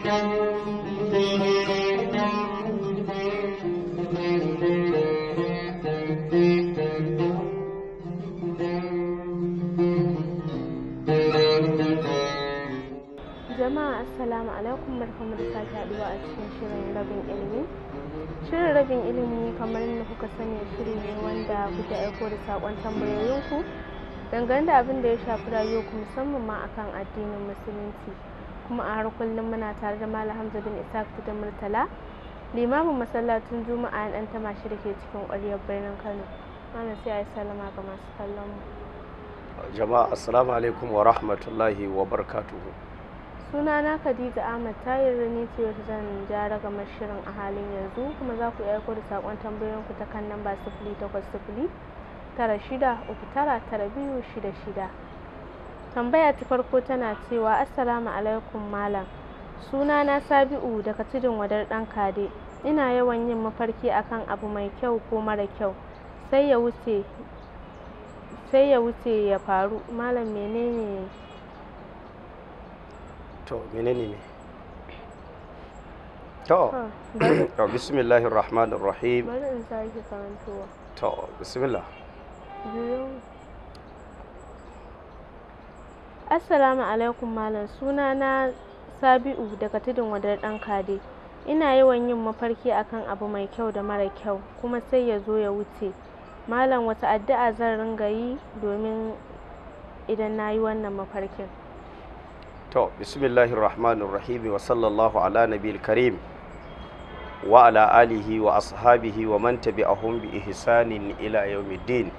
jama'a assalamu alaikum barkamu da sake haduwa a cikin shirin rabin ilimi shirin rabin ilimi kamar yadda kuka sani shiri ne wanda kuke aiko da sakon tambayoyinku dangane da abin da ya shafi rayuwarku musamman ma akan addinin musulunci kuma a har kullum muna tare da Malam Hamza bin Isaac da Murtala limamin masallacin Juma'a ɗan tama shi da ke cikin ƙwaryar birnin Kano wannan sai a yi salama ga masu kallon mu jama'a assalamu alaikum wa rahmatullahi wa barakatuhu na Khadija Ahmad Tayir ne ce wata zan jara ga mashirin a halin yanzu kuma za ku aiko da saƙon ku ta kan namba sifili takwas sifili tara shida uku tara tara biyu shida shida Tambaya ta farko tana cewa Assalamu alaikum malam. suna na Sabi'u daga tudun wadar dan Kade. Ina yawan yin mafarki akan abu mai kyau ko mara kyau. Sai ya wuce sai ya wuce ya faru. Malam menene To menene ne? To. To bismillahir rahmanir rahim. Bari in sake karantowa. To bismillah. Assalamu alaikum malam na Sabi'u daga tudun wadar ɗan kade ina yawan yin mafarki akan abu mai kyau da mara kyau kuma sai ya zo ya wuce malam wata addu'a zan ringa yi domin idan na yi wannan mafarkin to bismillahir rahmanir rahim wa sallallahu ala nabil karim wa ala alihi wa ashabihi wa man tabi'ahum bi ihsanin ila yawmiddin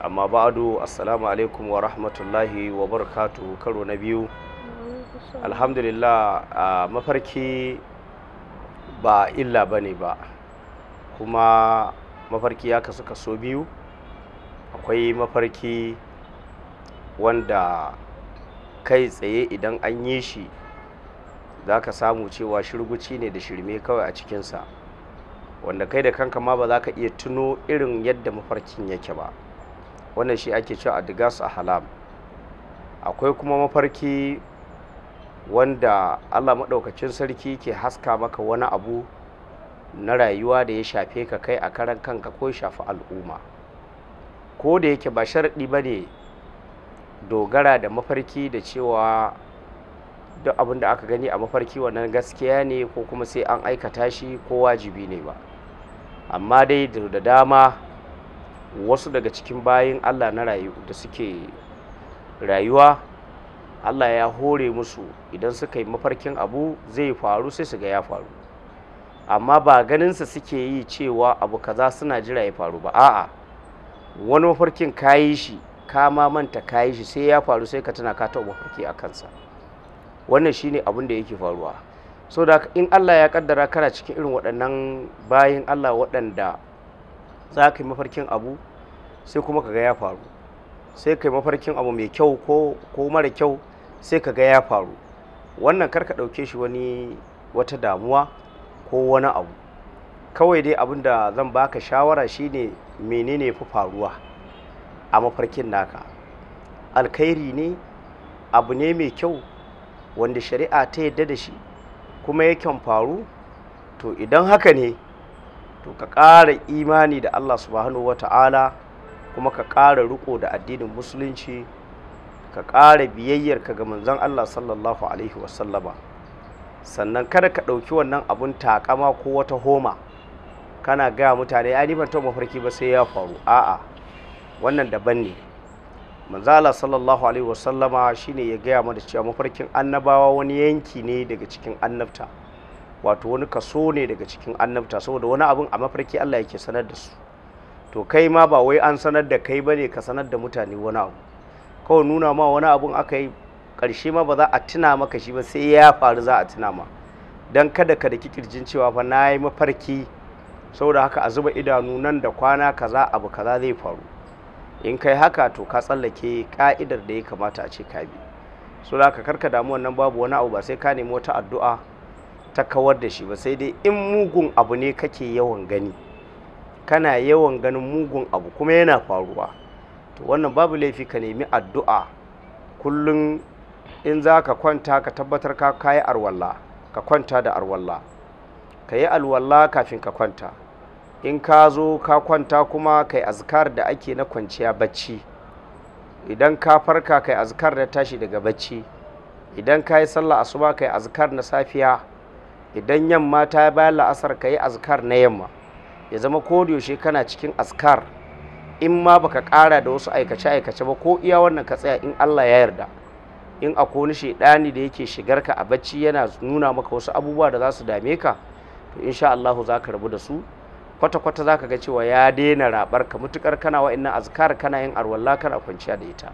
amma ba'adu assalamu alaikum wa rahmatullahi wa barakatu karo na biyu alhamdulillah a mafarki ba illa ba ba kuma mafarki ya kasu kaso biyu akwai mafarki wanda kai tsaye idan an yi shi za ka samu cewa shirguci ne da shirme kawai a cikinsa wanda kai da kanka ma ba za ka iya tuno irin yadda mafarkin yake ba wannan shi ake cewa adigas a halam akwai kuma mafarki wanda allah maɗaukacin sarki ke haska maka wani abu na rayuwa da ya shafe ka kai a karan kanka ko shafi al'umma ko da yake ba sharaɗi ba ne dogara da mafarki da cewa duk abin da aka gani a mafarki wannan gaskiya ne ko kuma sai an aikata shi ko wajibi ne ba amma dai da dama wasu daga cikin bayin allah na rayu da suke rayuwa allah ya hore musu idan suka yi mafarkin abu zai faru sai su ga ya faru amma ba ganinsa suke yi cewa abu kaza suna jira ya faru ba a'a wani mafarkin kayi shi ka ma manta kayi shi sai ya faru sai ka tana ka taɓa mafarki a kansa wannan shine abin da yake faruwa so da in allah ya kaddara kana cikin irin waɗannan bayan allah waɗanda za ka yi mafarkin abu sai kuma ka ga ya faru sai ka yi mafarkin abu mai kyau ko mara kyau sai ka ga ya faru wannan kar ka ɗauke shi wani wata damuwa ko wani abu kawai dai abin da zan baka shawara shine menene fi faruwa a mafarkin naka alkhairi ne abu ne mai kyau wanda shari'a ta yadda da shi kuma yakan faru to idan haka ne to ka ƙara imani da Allah subhanahu wa ta'ala kuma ka ƙara riko da addinin musulunci ka ƙara biyayyar ka ga manzon Allah sallallahu alaihi wasallama sannan kada ka ɗauki wannan abun takama ko wata homa kana gaya mutane ai ban taɓa mafarki ba sai ya faru a'a wannan daban ne Allah sallallahu alaihi wasallama shine ya gaya mana cewa mafarkin annabawa wani yanki ne daga cikin annabta wato wani kaso ne daga cikin annabta saboda wani abin a mafarki Allah yake sanar da su to kai ma ba wai an sanar da kai bane ka sanar da mutane wani abu kawai nuna ma wani abun aka yi ƙarshe ma ba za a tuna maka shi ba sai ya faru za a tuna ma don kada ka daki kirjin cewa fa na yi mafarki saboda haka a zuba idanu nan da kwana kaza abu kaza zai faru in kai haka to ka tsallake ka'idar da ya kamata a ce ka bi so da haka karka damu wannan babu wani abu ba sai ka nemi wata addu'a ta kawar da shi ba sai dai in mugun abu ne kake yawan gani kana yawan ganin mugun abu kuma yana faruwa to wannan babu laifi ka nemi addu'a kullum in za ka kwanta ka tabbatar ka kayi arwalla ka kwanta da arwalla ka yi alwalla kafin ka kwanta in ka zo ka kwanta kuma kai azkar da ake na kwanciya bacci idan ka farka kai azkar da tashi daga bacci idan ka yi sallah asuba kai azkar na safiya idan yamma ta bayan la'asar ka yi azkar na yamma ya zama yaushe kana cikin askar in ma baka kara da wasu aikace-aikace ba ko iya wannan ka tsaya in Allah ya yarda in akwai wani shaidani da yake shigar ka a bacci yana nuna maka wasu abubuwa da za su dame ka to insha Allah za ka rabu da su kwata-kwata za ka ga cewa ya daina rabar ka mutukar kana wa'annan azkar kana yin arwalla kana kwanciya da ita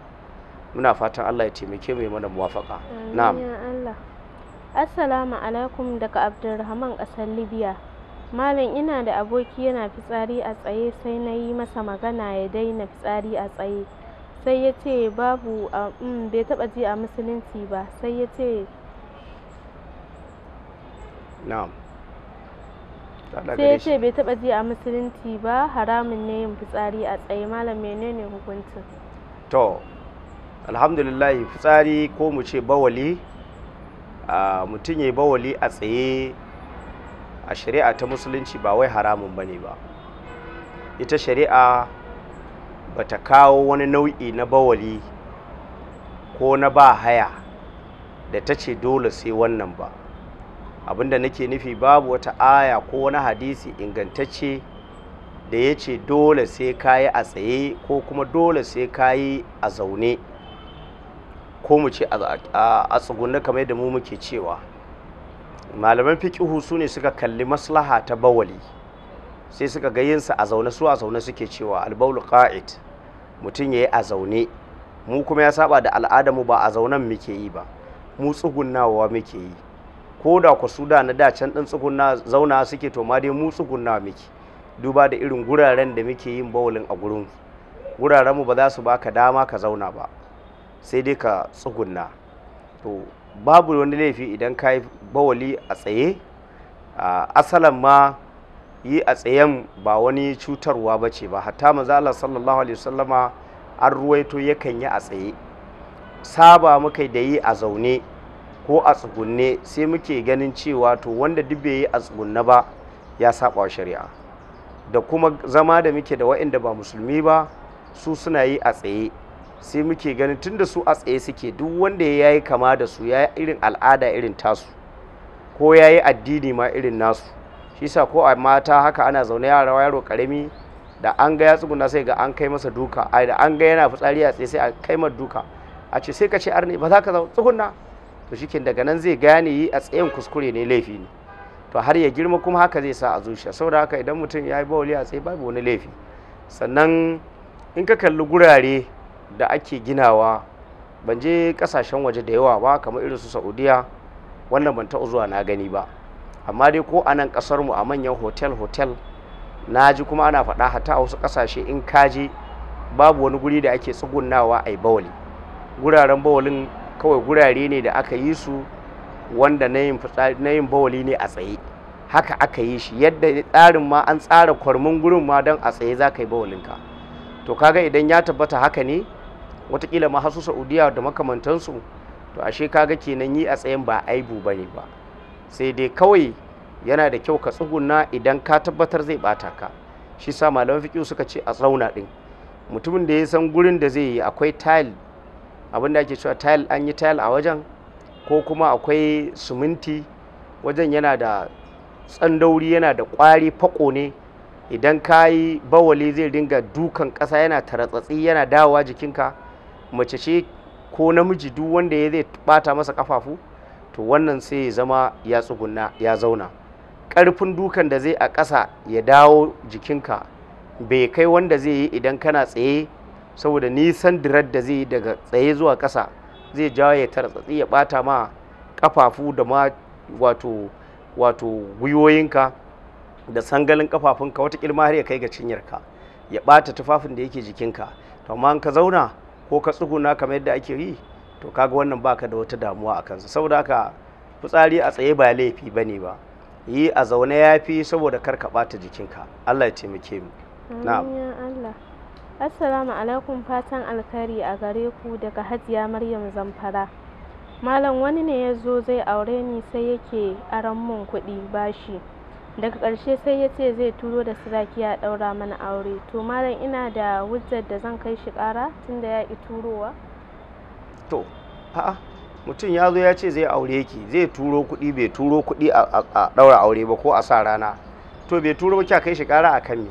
muna fatan Allah ya taimake mu ya mana muwafaka na'am Assalamu alaikum daga Abdulrahman ƙasar Libya. Malam ina da aboki yana fitsari a tsaye sai na yi masa magana ya daina fitsari a tsaye. Sai ya ce babu mm, bai taɓa ji a musulunci ba sai ya ce sai ya ce bai taba ji a musulunci ba haramun ne yin fitsari a tsaye malam menene hukuncin to alhamdulillah fitsari ko mu ce bawali mutum ya yi bawali a tsaye a shari'a ta musulunci ba wai haramun ba ne ba ita shari'a ba ta kawo wani nau'i na bawali ko na ba haya da ta ce dole sai wannan ba abinda nake nufi babu wata aya ko wani hadisi ingantacce da ya ce dole sai kayi a tsaye ko kuma dole sai kayi a zaune ko mu ce a tsugunne kamar da mu muke cewa malaman fiƙihu su ne suka kalli maslaha ta bawali sai suka ga yinsa a zaune su a zaune suke cewa albaulu qa'id mutum yayi a zaune mu kuma ya saba da al'adamu ba a zaunan muke yi ba mu tsugunnawa muke yi ko da ku su da na da can ɗan tsugunna zauna suke to ma dai mu tsugunna muke duba da irin guraren da muke yin bawalin a gurin guraren mu ba za su baka dama ka zauna ba sai dai ka tsugunna to babu wani laifi idan ka yi bawali a tsaye asalan ma yi a tsayen ba wani cutarwa ba ce ba hatta maza Allah sallallahu alaihi wasallama an ruwaito yakan yi a tsaye saba muka da yi a zaune ko a tsugunne sai muke ganin cewa to wanda duk bai yi a tsugunne ba ya saba wa shari'a da kuma zama da muke da waɗanda ba musulmi ba su suna yi a tsaye sai muke ganin tunda su a tsaye suke duk wanda ya yi kama da su ya yi irin al'ada irin tasu ko ya yi addini ma irin nasu shi sa ko a mata haka ana zaune yara yaro karami da an ga ya tsuguna sai ga an kai masa duka ai da an ga yana fitsari a tsaye sai a kai masa duka a ce sai ka ce arni ba za ka zaune tsuguna to shikin daga nan zai gane yi a tsayen kuskure ne laifi ne to har ya girma kuma haka zai sa a zuciya saboda haka idan mutum ya yi bawali a tsaye babu wani laifi sannan in ka kalli gurare da ake ginawa ban je kasashen waje da yawa ba kamar irin su saudiya wannan ban taɓa zuwa na gani ba amma dai ko a nan mu a manyan hotel hotel na ji kuma ana faɗa hata a wasu kasashe in ka je babu wani guri da ake tsugunnawa a yi bawali guraren bawalin kawai gurare ne da aka yi su wanda na yin bawali ne a tsaye haka aka yi shi yadda tsarin ma an tsara kwarmin gurin ma don a tsaye za ka yi bawalinka to kaga idan ya tabbata haka ne watakila ma hasu saudiya da makamantansu to ashe kaga kenan yi a tsayin ba aibu ba ne ba sai dai kawai yana da kyau ka tsuguna idan ka tabbatar zai bata ka shi sa malaman fiƙi suka ce a tsauna ɗin mutumin da ya san gurin da zai yi akwai tile abin da ake cewa tile an yi tile a wajen ko kuma akwai suminti wajen yana da tsandauri yana da ƙwari fako ne idan ka yi bawali zai dinga dukan ƙasa yana taratsatsi yana dawowa jikinka mace ce ko namiji duk wanda ya zai bata masa kafafu to wannan sai ya zama ya tsugunna ya zauna ƙarfin dukan da zai a ƙasa ya dawo jikinka bai kai wanda zai yi idan kana tsaye saboda nisan dirar da zai yi daga tsaye zuwa ƙasa zai jawo ya tartsatsi ya bata ma kafafu da ma wato wato gwiwoyinka da sangalin kafafunka wata har ya kai ga cinyarka ya bata tufafin da yake jikinka to amma ka zauna ko ka tsuguna kamar yadda ake yi to kaga wannan baka da wata damuwa a kansa saboda haka fitsari a tsaye ba laifi bane ba yi a zaune ya fi saboda kar ka bata jikinka Allah ya taimake mu na'am Allah assalamu alaikum fatan alkhairi a gare ku daga Hajiya Maryam Zamfara malam wani ne ya zo zai aure ni sai yake aran mun kuɗi bashi daga ƙarshe sai ya ce zai turo da siraki ya ɗaura mana aure to malam ina da hujjar da zan kai shi ƙara da ya ƙi turowa to a'a mutum ya zo ya ce zai aure ki zai turo kuɗi bai turo kuɗi a ɗaura aure ba ko a sa rana to bai turo ba kya kai shi ƙara a kan me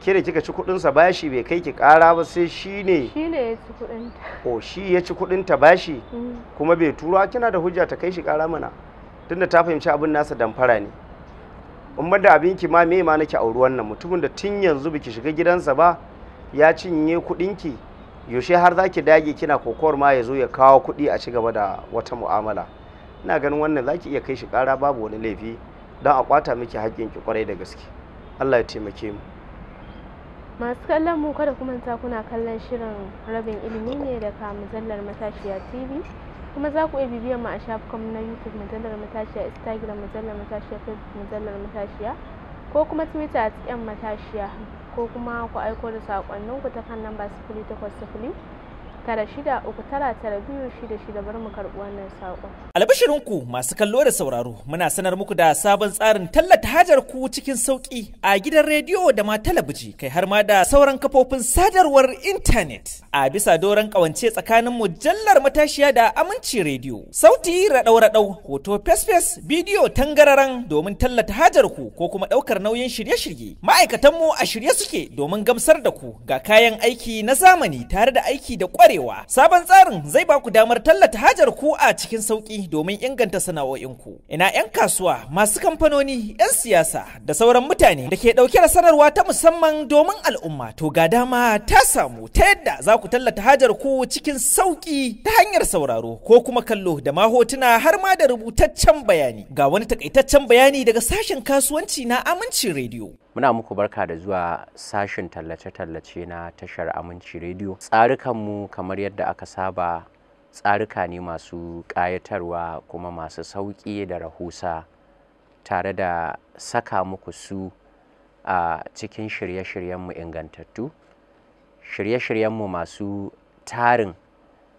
Kira kika ci kuɗinsa bashi bai kai ki ƙara ba sai shi ne shi ne ya ci kuɗinta o shi ya ci kuɗinta bashi mm. kuma bai turo kina da hujja ta kai shi ƙara mana tunda ta fahimci abin nasa damfara ne in ba da abinki ma me ma nake auri wannan mutumin da tun yanzu biki shiga gidansa ba ya cinye kudinki yaushe har zaki dage kina kokowar ma ya zo ya kawo kudi a ci gaba da wata mu'amala ina ganin wannan zaki iya kai shi kara babu wani laifi don a kwata miki ki kwarai da gaske Allah ya taimake mu masu kallon mu kada kuma ta kuna kallon shirin rabin ilimi ne da kamuzallar matashiya tv kuma za ku iya bibiyar mu a shafukan na youtube mujallar matashiya instagram mujallar matashiya facebook mujallar matashiya ko kuma twitter at yan matashiya ko kuma ku aiko da ku ta kan namba sifili takwas sifili tara shida uku tara tara masu kallo da sauraro muna sanar muku da sabon tsarin tallata hajar ku cikin sauki a gidan rediyo da ma talabiji kai har ma da sauran kafofin sadarwar intanet a bisa doron kawance tsakanin mujallar matashiya da aminci rediyo. Sauti raɗau-raɗau hoto fesfes bidiyo tangararan domin tallata hajar ku ko kuma ɗaukar nauyin shirye-shirye. ma'aikatan mu a shirye suke domin gamsar da ku ga kayan aiki na zamani tare da aiki da ƙware Arewa. Sabon tsarin zai ba ku damar tallata hajar ku a cikin sauƙi domin inganta sana'o'inku. Ina 'yan kasuwa, masu kamfanoni, 'yan siyasa da sauran mutane da ke ɗauke da sanarwa ta musamman domin al'umma. To ga dama ta samu ta yadda za ku tallata hajar ku cikin sauƙi ta hanyar sauraro ko kuma kallo da ma hotuna har ma da rubutaccen bayani. Ga wani takaitaccen bayani daga sashen kasuwanci na Amincin Rediyo. muna muku barka da zuwa sashin tallace-tallace na tashar aminci rediyo tsarukanmu kamar yadda aka saba tsarika ne masu ƙayatarwa kuma masu sauƙi da rahusa tare da saka muku su a cikin shirye-shiryenmu ingantattu shirye-shiryenmu masu tarin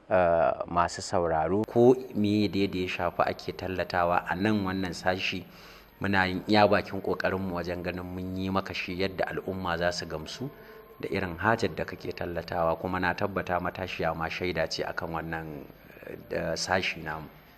Uh, masu sauraro ko me da ya shafi ake tallatawa a nan wannan sashi muna yin iya bakin ƙoƙarinmu wajen ganin mun yi maka shi yadda al'umma za su gamsu da irin hajar da kake tallatawa kuma na tabbata matashiya ma shaida ce akan wannan eh, sashi namu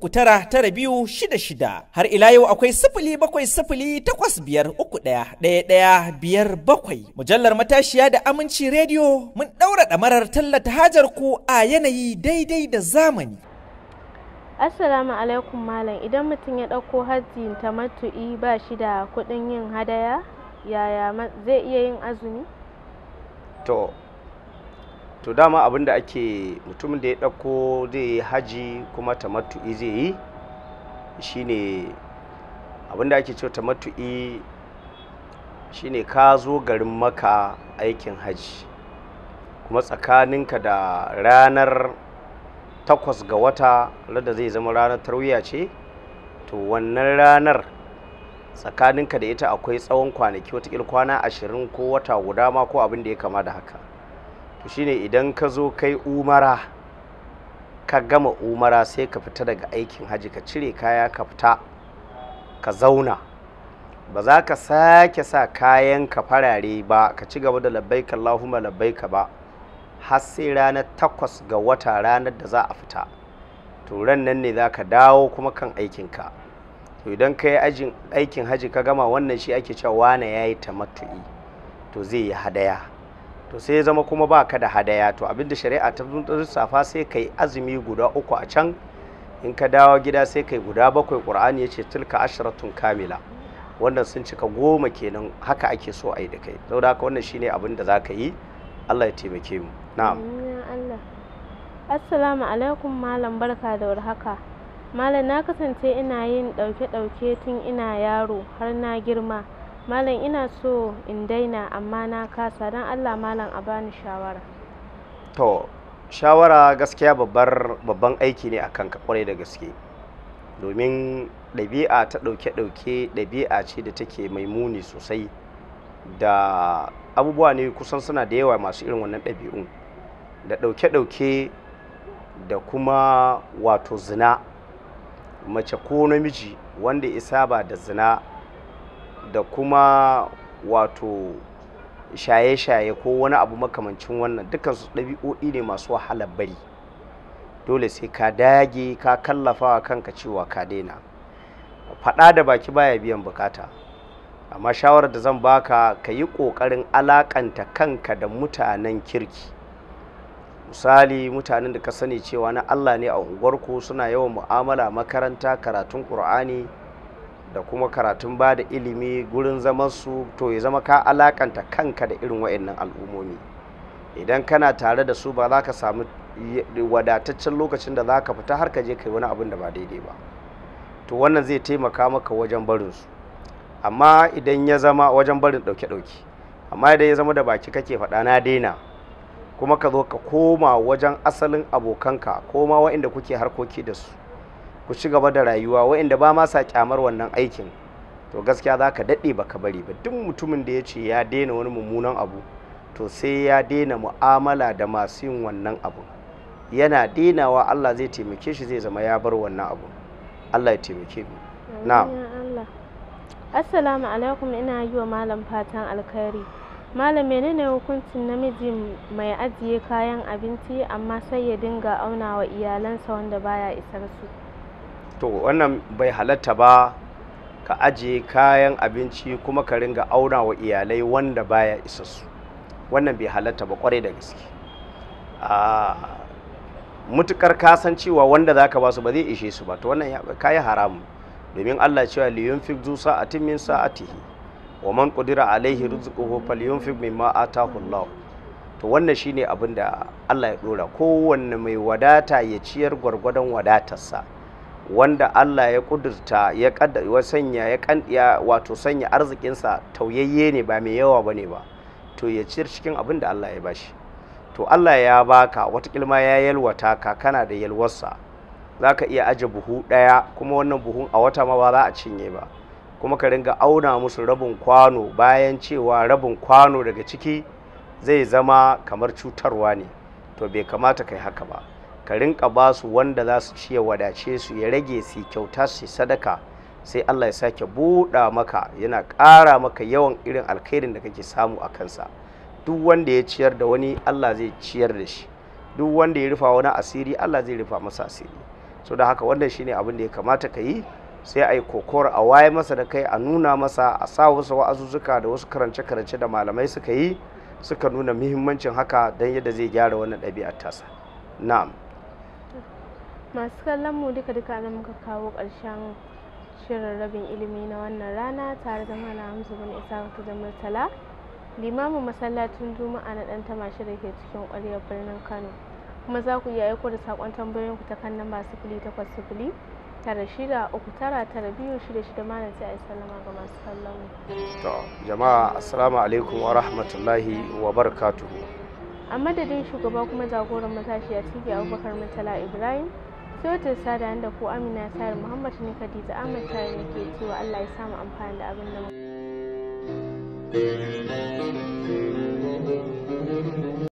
uku tara tara biyu shida shida har ila yau akwai sifili bakwai sifili takwas biyar uku ɗaya ɗaya ɗaya biyar bakwai mujallar matashiya da aminci rediyo mun ɗaura ɗamarar tallata hajar ku a yanayi daidai da zamani. Assalamu alaikum malam idan mutum ya ɗauko hajji matu'i ba shi da kuɗin yin hadaya yaya zai iya yin azumi? To to dama abin da ake mutumin da ya ɗauko zai yi haji kuma tamattu'i zai yi shine abin da ake cewa tamattu'i shine ka zo garin maka aikin haji kuma tsakaninka da ranar takwas ga wata da zai zama ranar tarwiya ce to wannan ranar tsakaninka da ita akwai tsawon kwanaki watakila kwana ashirin ko wata guda ma ko abin da ya kama da haka to shine idan ka zo kai umara ka gama umara sai ka fita daga aikin haji ka cire kaya ka fita ka zauna ba za ka sake sa kayan ka farare ba ka ci gaba da labbaika labbai ka ba har sai ranar takwas ga wata ranar da za a fita to ran nan ne za ka dawo kuma kan aikinka to idan ka yi aikin haji ka gama wannan shi ake cewa wane ya yi tamattu'i to zai yi hadaya to sai ya zama kuma baka da hadaya to abinda shari'a ta lissafa sai kai azumi guda uku a can in ka dawo gida sai kai guda bakwai qur'ani yace ce tilka ashratun kamila wannan sun cika goma kenan haka ake so a yi da kai saboda haka wannan shine abin da za yi allah ya taimake mu na'am assalamu alaikum malam barka da warhaka malam na kasance ina yin ɗauke-ɗauke tun ina yaro har na girma Malam ina so in daina amma na kasa don Allah malam a bani shawara. To, shawara gaskiya babban aiki ne a kan kwarai da gaske. Domin ɗabi'a ta ɗauke-ɗauke ɗabi'a ce da take mai muni sosai da abubuwa ne kusan suna da yawa masu irin wannan ɗabi'un da ɗauke-ɗauke da kuma wato zina mace ko namiji wanda isa ba da zina da kuma wato shaye-shaye ko wani abu makamancin wannan dukansu ɗabi'o'i ne masu wahalar bari dole sai ka dage ka kallafa kanka cewa ka daina faɗa da baki baya biyan bukata amma shawarar da zan baka ka yi ƙoƙarin alaƙanta kanka da mutanen kirki misali mutanen da ka sani cewa na allah ne a unguwarku suna yawan mu'amala makaranta karatun ƙur'ani da kuma karatun ba da ilimi gurin zamansu to ya zama ka alakanta kanka da irin wa'annan al'ummomi idan kana tare da su ba za ka samu wadataccen lokacin da za ka fita har ka je kai wani abin da ba daidai ba to wannan zai taimaka maka wajen barinsu amma idan ya zama wajen barin ɗauke-ɗauke amma idan ya zama da baki kake faɗa na daina kuma ka zo ka koma wajen asalin abokanka koma wa'inda kuke harkoki da su ku ci gaba da rayuwa waɗanda ba ma sa kyamar wannan aikin to gaskiya za ka daɗe baka bari ba duk mutumin da ya ce ya daina wani mummunan abu to sai ya daina mu'amala da masu yin wannan abu yana dainawa Allah zai taimake shi zai zama ya bar wannan abu Allah ya taimake mu na'am assalamu alaikum ina yi wa malam fatan alkhairi malam menene hukuncin namiji mai ajiye kayan abinci amma sai ya dinga auna wa iyalansa wanda baya isar su to wannan bai halatta ba ka ajiye kayan abinci kuma ka ringa auna wa iyalai wanda baya isa su wannan bai halatta ba kwarai da gaske mutukar kasancewa wanda zaka ba su ba zai ishe su ba to wannan kayi haramu domin Allah cewa liyun fi zu sa'atin min sa'atihi wa man qudira alaihi rizquhu falyunfiq mimma ataahu Allah to wannan shine abin da Allah ya dora kowanne mai wadata ya ciyar gwargwadon wadatarsa wanda Allah ya kudurta ya kaddara sanya ya ya wato sanya arzikinsa tauyayye ne ba mai yawa bane ba to ya cir cikin abin da Allah ya bashi to Allah ya baka wata ma ya yalwata ka kana da yalwarsa za ka iya aje buhu ɗaya kuma wannan buhun a wata ma ba za a cinye ba kuma ka ringa auna musu rabin kwano bayan cewa rabin kwano daga ciki zai zama kamar cutarwa ne to bai kamata kai haka ba ka rinka ba su wanda za su ci ya wadace su ya rage su kyauta su sadaka sai Allah ya sake buɗa maka yana ƙara maka yawan irin alkhairin da kake samu a kansa duk wanda ya ciyar da wani Allah zai ciyar da shi duk wanda ya rufa wani asiri Allah zai rufa masa asiri so da haka wannan shine abin da ya kamata ka yi sai a yi kokor a waye masa da kai a nuna masa a sa wasu wa'azuzzuka da wasu karance-karance da malamai suka yi suka nuna muhimmancin haka don yadda zai gyara wannan ɗabi'ar tasa na'am masu kallon mu duka duka nan muka kawo ƙarshen shirin rabin ilimi na wannan rana tare da mana hamza bin isa ta da murtala limamin masallacin juma'a na ɗan tamashi da ke cikin ƙwaryar birnin kano kuma za ku iya aiko da saƙon tambayoyin ku ta kan namba sifili takwas sifili tara shida uku tara tara biyu shida shida malam sai a yi sallama ga masu kallon mu. to jama'a assalamu alaikum wa rahmatullahi wa barakatuhu. a madadin shugaba kuma jagoran matashi a cikin abubakar murtala ibrahim Sautin sada da ko Amina sayar Muhammad ne Khadija Ahmad Sare ke cewa Allah ya samu amfani da abin da